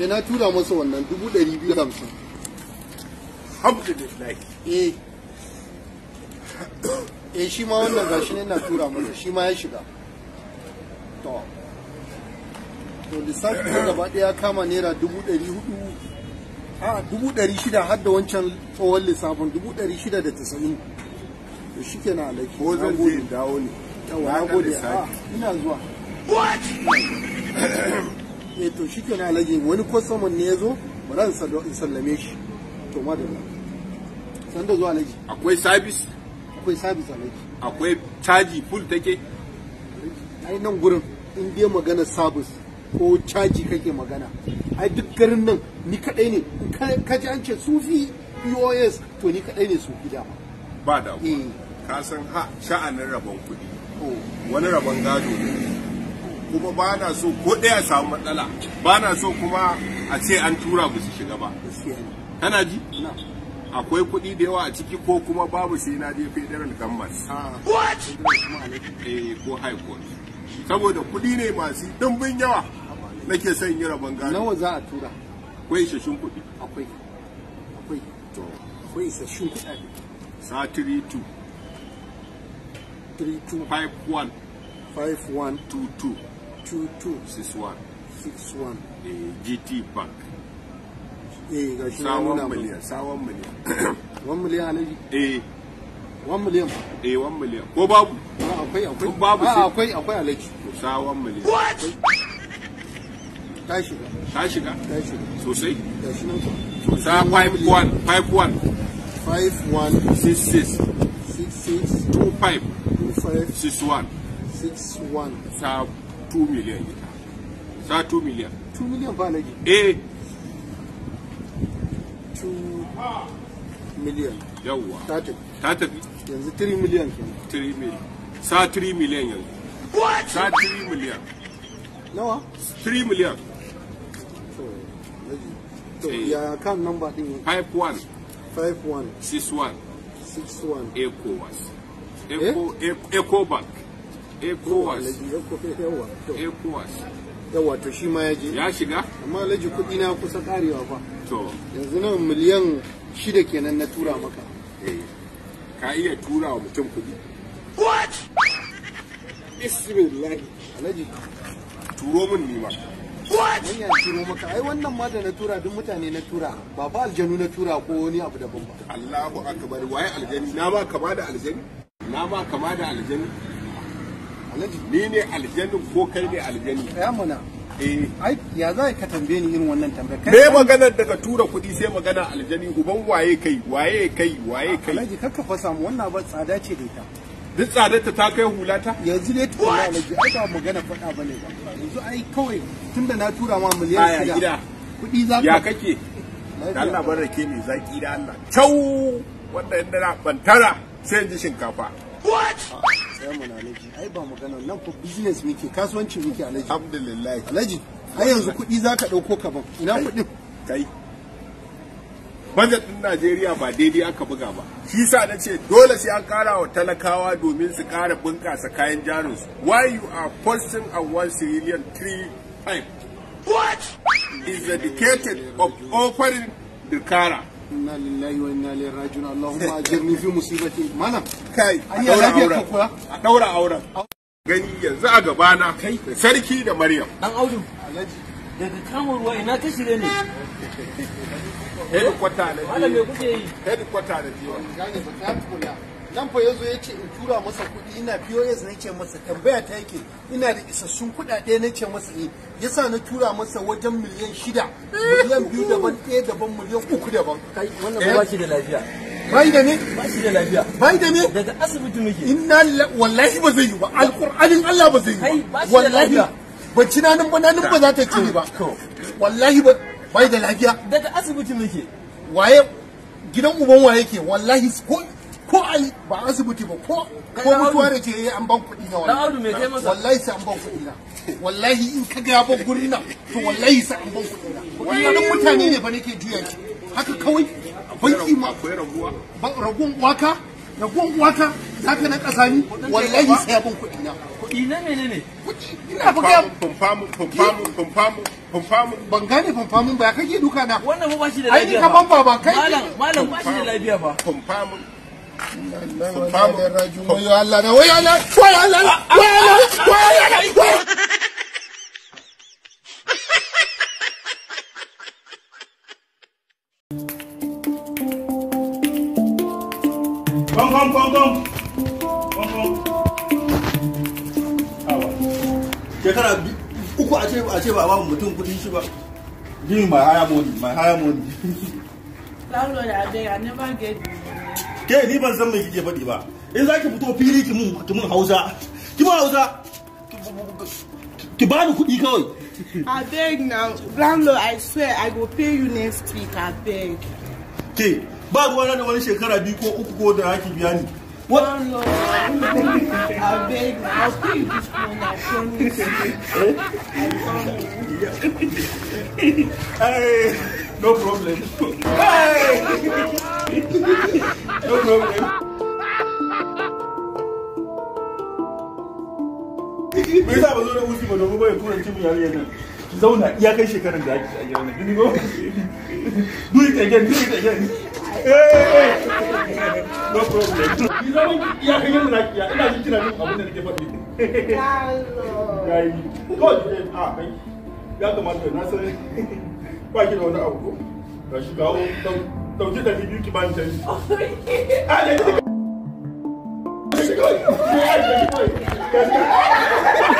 eh na tura masa wannan dubu ɗari biyu hamsin alhamdulillah eh eh shi ma wannan gashi ne na tura masa shi ma ya shiga to to lissafi na gaba ɗaya kama naira dubu ɗari hudu a ah, dubu ɗari shida har da wancan tsohon lissafin dubu ɗari shida da tasa'in to shi ke na alaƙi ko zan dawo ne yawa ya gode a ah, ina zuwa Eh, to shi kenan alaji wani kwasaman ne ya zo ba in sallame shi to ma da san da zuwa alaji akwai sabis akwai sabis alaji akwai caji full take ai nan gurin in dai magana sabis ko caji kake magana ai duk garin nan ni kadai ne ka ji an ce sufi pos to ni kadai ne sufi dama ba da eh. ka san ha sha'anin rabon kuɗi oh. wani rabon gado ne kuma ba na so ko ɗaya samu matsala ba na so kuma a ce an tura ba su shiga ba kana ji akwai kuɗi da yawa a ciki ko kuma babu sai na je federal government ah. eh, ko high court saboda kuɗi ne masu ɗimbin yawa nake son yi rabon gari. nawa za a tura akwai isasshen kuɗi akwai akwai to akwai isasshen kuɗi satiri 2 3251 5122 22 61 61 eh GT Bank eh sawan miliyan sawan miliyan 1 miliyan eh 1 miliyan eh 1 ko babu ah, akwai akwai babu ah, akwai akwai alaji sawan miliyan what ta shiga ta shiga ta shiga sosai ga shi nan to sa six two five two five six one six one sa Two million. miliyan gida Two million. 2 miliyan 2 miliyan ba lagi eh 2 miliyan yawwa ta tafi ta three million. yanzu 3 miliyan kenan 3 miliyan sa 3 miliyan yanzu sa 3 miliyan one. 3 one. to eh. ya kan number din 51 51 61 61 ecowas eh? eco ecowas ecowas yawa to shi ma ya je ya shiga amma alhaji kuɗi na kusa ƙarewa fa to yanzu nan miliyan shida kenan na tura maka eh, ka iya tura wa mutum kuɗi what bismillah alhaji turo min ni ma what ya turo maka ai wannan ma da na tura duk mutane na tura ba ba aljanu na tura ko wani abu daban ba Allahu akbar waye aljani na ma kama da aljani na ma kama da aljani ni ne aljanin ko kai ne aljani ya muna eh ya za ka tambaye ni irin wannan tambaya kai me maganar daga tura kuɗi sai magana aljani uban waye kai waye kai waye kai alhaji kakka fa samu wannan ba tsada ce da ita duk tsadarta ta kai hulata yanzu dai to alhaji ai ba magana faɗa bane ba yanzu ai kawai tunda na tura ma miliyan shida kuɗi za ka ya kake Allah bar rake mai zaki da Allah cau wanda inda na bantara sai in ji shinkafa what tsaya mana alaji ai ba magana nan fa business muke kasuwanci muke alaji alhamdulillah alaji ai yanzu kuɗi za ka ɗauko ka ban ina kuɗin kai bajet ɗin Najeriya ba daidai aka buga ba shi sa na ce dole sai an ƙara wa talakawa domin su ƙara bunƙasa kayan jarinsu why you are posting a one civilian three time what is dedicated of offering the kara inna lillahi wa inna ilaihi raji'un allahumma ajirni fi musibati malam kai a daura auren a daura auren gani yanzu a gabana sarki da maryam dan audu daga kamun ruwa ina ta shirye ne hedikwata na biyu hedikwata na biyu nan fa yazo yace in tura masa kuɗi ina POS na ce masa tambaya ta yake ina da isassun kuɗaɗe na ce masa eh yasa na tura masa wajen miliyan shida miliyan biyu daban ɗaya daban miliyan uku daban wannan ba shi da lafiya bai da me ba da lafiya bai da me daga asibiti muke inna wallahi ba zai yi ba alqur'anin Allah ba zai yi ba wallahi ba ci nanin ba nanin ba za ta ce ba wallahi ba bai da lafiya daga asibiti muke waye gidan uban waye ke wallahi ko ko ai ba asibiti ba ko ko mutuwa da ce an ban kuɗi na wallahi wallahi sai an ban kuɗi na wallahi in ka ga ban guri na to wallahi sai an ban kuɗi na wannan mutane ne ba nake juya haka kawai banki ma akwai raguwa ba raguwan uwaka raguwan uwaka za ka na ƙasa ni wallahi sai abin kuɗi na kuɗi na mene ne ina ba ga fumfamu fumfamu fumfamu fumfamu ban gane fumfamu ba kake duka na wannan ba shi da lafiya ai ni kaman ba ba kai malam malam ba shi da lafiya ba fumfamu fumfamu Allah na wai Allah wai Allah wai Allah wai Allah kom, kom, Awa. Shekara uku a ce a ba a bamu mutum kudin shi ba. Give me my higher money, my higher money. Landlord, I beg, I never get ke ni ban san me kike faɗi ba in za ki fito fili ki mun ki mun hausa ki mun hausa ki ba ni kuɗi kawai I beg now landlord I swear I go pay you next week I beg ba ruwa da wani shekara biyu ko uku ko da haki biya ni no problem. no problem. Me yasa ba zo wuce domin bai tura cikin zauna iya kai shekarun da ake a gidan nan. Duni go. Do it again, do it again. no problem ki zama iya kan yin rakiya ina jin kina jin abin da nake faɗi yayi ko a kai ya kamata na san ba ki da wani abu ko ga shi kawo dauki da biyu ki bani canji a da ni ka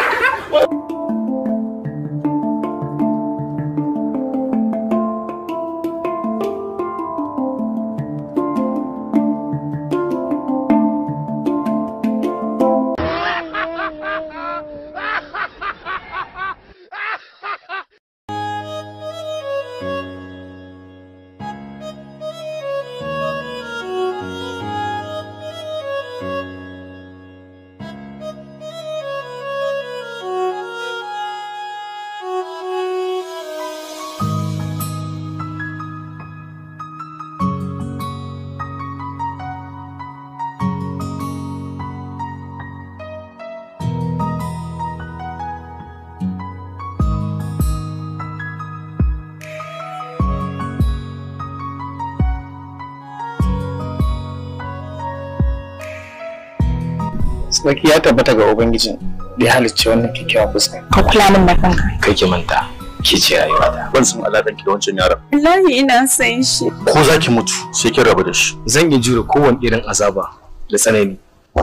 tsaki ya tabbata ga ubangijin da ya halicce wannan kyakkyawa fuska ka kula min da kanka ki manta ke ce rayuwa ta ban san alaƙar ki da wancan yaron wallahi ina san shi ko zaki mutu sai ki rabu da shi zan iya jure kowane irin azaba da tsanani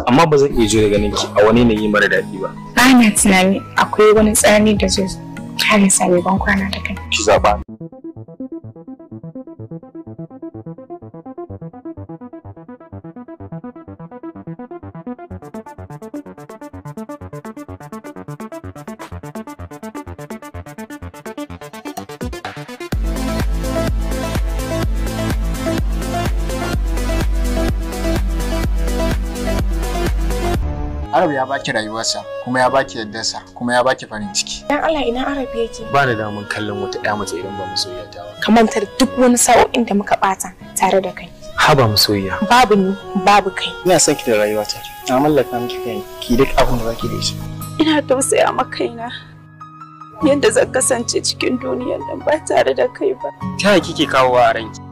amma ba zan iya jure ganin ki a wani yi mara daɗi ba ba na tunani akwai wani tsani da zai halin sami ban kwana da kai ki zaba Arab ya baki rayuwarsa kuma ya baki yaddarsa kuma ya baki farin ciki. Dan Allah ina Arab yake. Ba da damun kallon wata ɗaya mace idan ba masoyiya ta ba. Ka tar duk wani sa'o'in da muka ɓata tare da kai. Haba masoyiya. Babu ni babu kai. Ina son ki da rayuwata. Na mallaka miki kai ki duk abin da zaki da shi. Ina tausaya ma kaina. Yanda zan kasance cikin duniyar nan ba tare da kai ba. Ta kike kawowa a ranki?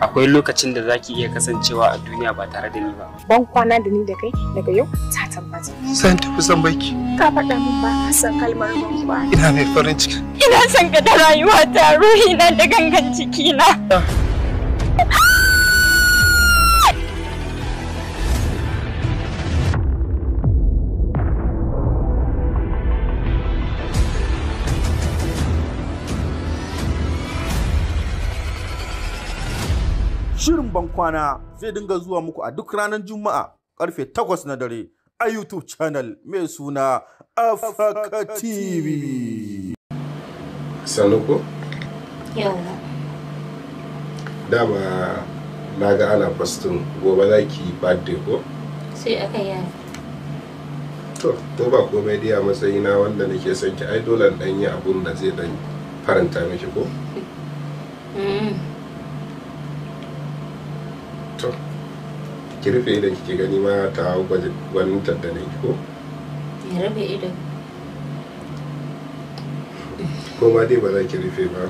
akwai lokacin da zaki iya kasancewa a duniya ba tare da ni ba. Ban kwana da ni da kai daga yau ta tabbata. Zan tafi san baki. Ka faɗa min ba ka san kalmar ban ba. Ina mai farin ciki. Ina son ka da rayuwa ta ruhi na da gangan ciki na. Ah. Shirin bankwana zai dinga zuwa muku a duk ranar Juma'a karfe 8 na dare a YouTube channel mai suna Afaka TV. Sanuku? yawon. Dama na ga ana fastin gobe za ki yi birthday ko? Sai aka yi To, ko ba komai dai a matsayina wanda nake son ki ai dole dan yi abun da zai dan faranta miki ko? Mm. to ki rufe idan kike gani ma ta gwanintar gwanin na yi ko? ya rufe idan ko ma dai ba za ki rufe ba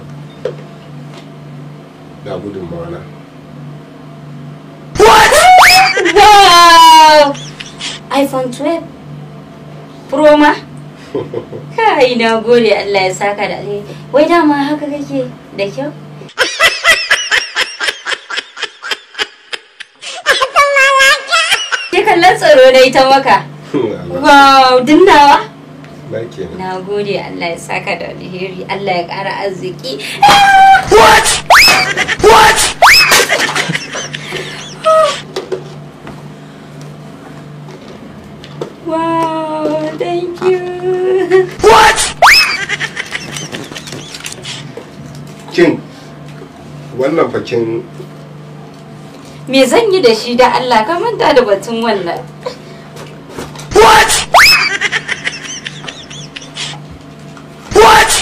da gudun mawana iphone 12 pro ma kai na gode allah ya saka da alheri wai dama haka kake da kyau tsaro dai ta maka wow dinnawa na gode Allah ya saka da alheri Allah ya ƙara arziki what what wow thank you what kin wannan fakin me zan yi da shi da Allah ka manta da batun wannan what what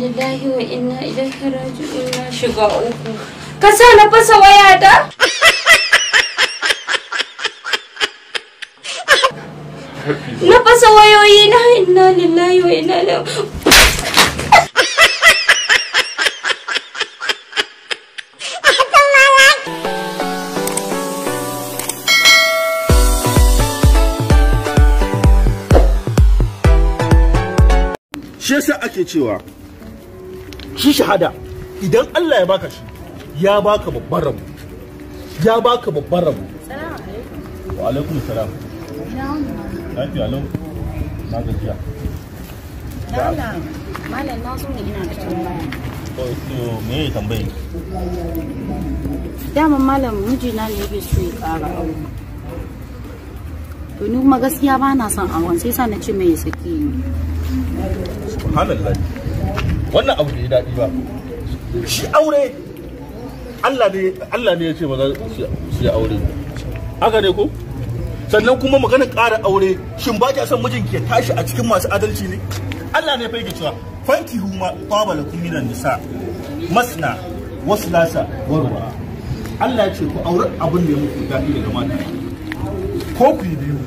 lillahi wa inna ilaihi raji'un na shiga uku ka sa na fasa wayata na wayoyi na inna lillahi wa inna ilaihi shi yasa ake cewa shi shahada idan Allah ya baka shi ya baka babban rabu ya baka babban rabo wa alaikum salam lafiya lau na gajiya malam malam na zo ne ina da tambaya to me ya tambaye dama malam mijina ne yake so ya ƙara aure to ni kuma gaskiya ba na son awon sai sa na ce mai saki ne subhanallah wannan abu da ya daɗi ba shi aure Allah ne Allah ne ya ce ba za su yi aure haka ne ko sannan kuma maganar ƙara aure shin ba kya son mijinki ya tashi a cikin masu adalci ne Allah ne ya yake cewa fanki huma taba lakum minan nisa masna waslasa warwa Allah ya ce ku aure abin da ya muku daɗi daga mata ko ku yi biyu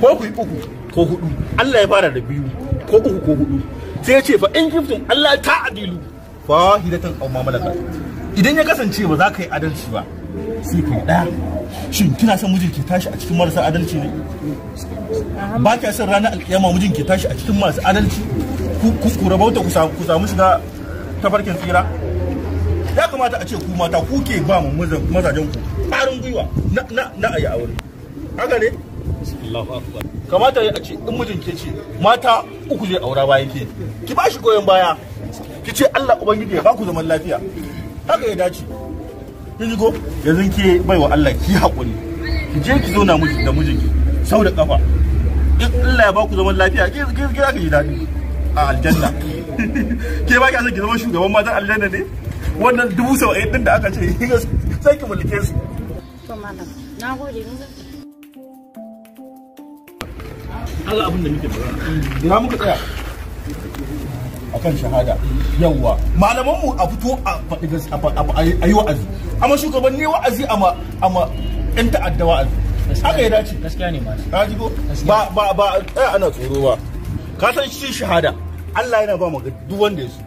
ko ku yi uku ko hudu Allah ya fara da biyu ko uku ko hudu sai ya ce fa in kiftum Allah ta adilu fa hidatan aw mamalaka idan ya kasance ba za ka yi adalci ba sai ka ɗaya shin kina son mijin ke tashi a cikin marasa adalci ne ba kya son ranar alƙiyama mijin ke tashi a cikin marasa adalci ku rabauta ku samu shiga tafarkin tsira ya kamata a ce ku mata ku ke ba mu mazajen ku ƙarin gwiwa na a yi aure haka ne kamata ya ce in mijin ke ce mata uku zai aura bayan ke ki ba shi goyon baya ki ce Allah ubangiji ya ba ku zaman lafiya haka ya dace kin ji ko yanzu ke baiwa Allah ki haƙuri ki je ki zauna miji da mijinki sau da kafa in Allah ya baku zaman lafiya ki ki ki ji daɗi a aljanna ke ba ki san ki zama shugaban matan aljanna ne wannan dubu saba'in din da aka ce sai ki mulke su to malam na gode mun abin da muke muka tsaya akan shahada yawa malaman mu a fito a faɗi a yi wa'azi amma shugabanni wa'azi amma amma yan ta'adda wa'azi haka ya dace gaskiya ne ma ji ko ba ba ba tsaya ana tsoro ba ka san shi shahada Allah yana ba mu duk wanda ya so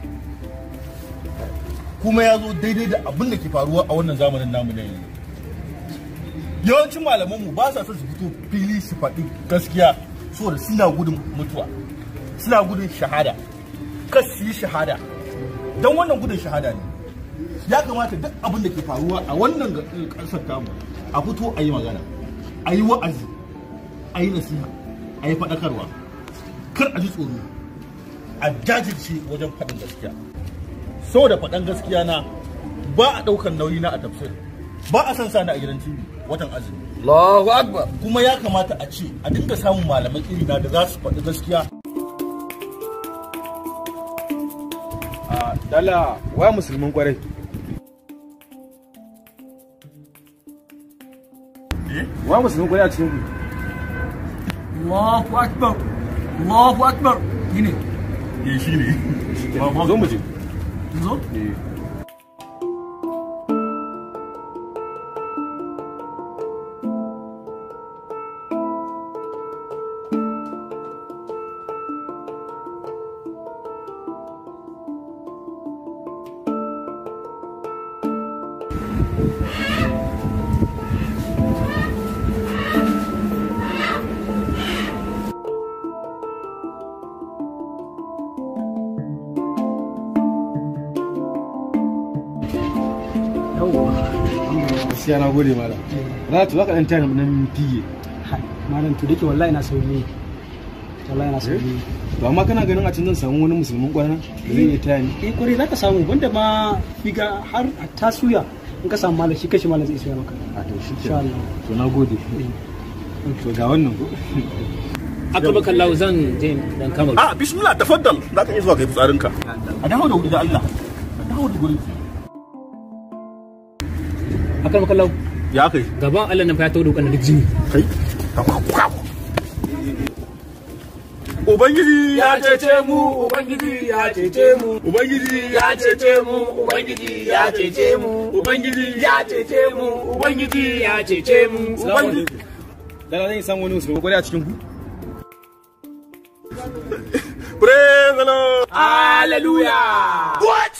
kuma ya zo daidai da abin da ke faruwa a wannan zamanin namu na yanzu yawancin malaman mu ba sa son su fito fili su faɗi gaskiya saboda suna gudun mutuwa suna gudun shahada kas su yi shahada don wannan gudun shahada ne ya kamata duk abin da ke faruwa a wannan ƙasar tamu a fito a yi magana a yi wa'azi a yi nasiha a yi faɗakarwa kar a ji tsoro a jajirce wajen faɗin gaskiya so da faɗin gaskiya na ba a ɗaukar nauyi na a tafsir ba a san sani a gidan tv watan azumi Allahu akbar kuma ya kamata a ce a dinga samun malamai irina da za su faɗi gaskiya Dala, wa musulmin kwarai. Eh? Wa musulmin kwarai a cikin ku. Allahu Akbar. Allahu Akbar. Ni ne. Eh shi ne. Zo mu je. Zo? Eh. gaskiya na gode malam na tuwa ka dan tayar nan fige to dake wallahi na sauri wallahi na sauri eh? to amma kana ganin a can zan samu wani musulmin kwana da zai iya eh, taya ni eh kwarai zaka samu banda ma figa har a tasuya in ka samu malam shi kashi malam zai soya maka a to shi ke to na gode eh. to ga wannan ko akrabaka Allah zan je dan kamar a ah, bismillah tafaddal zaka iya zuwa kai fitsarinka a dawo da wuri da Allah a dawo da wuri akan makallau ya kai gaban Allah nan fa ya tawo da duk jini kai Ubangiji ya cece mu, Ubangiji ya cece mu, Ubangiji ya cece mu, Ubangiji ya cece mu, Ubangiji ya cece mu, Ubangiji ya cece mu, Ubangiji. Dala zan yi san wani musulmi kwarai a cikin ku? Praise the Lord! Hallelujah! What?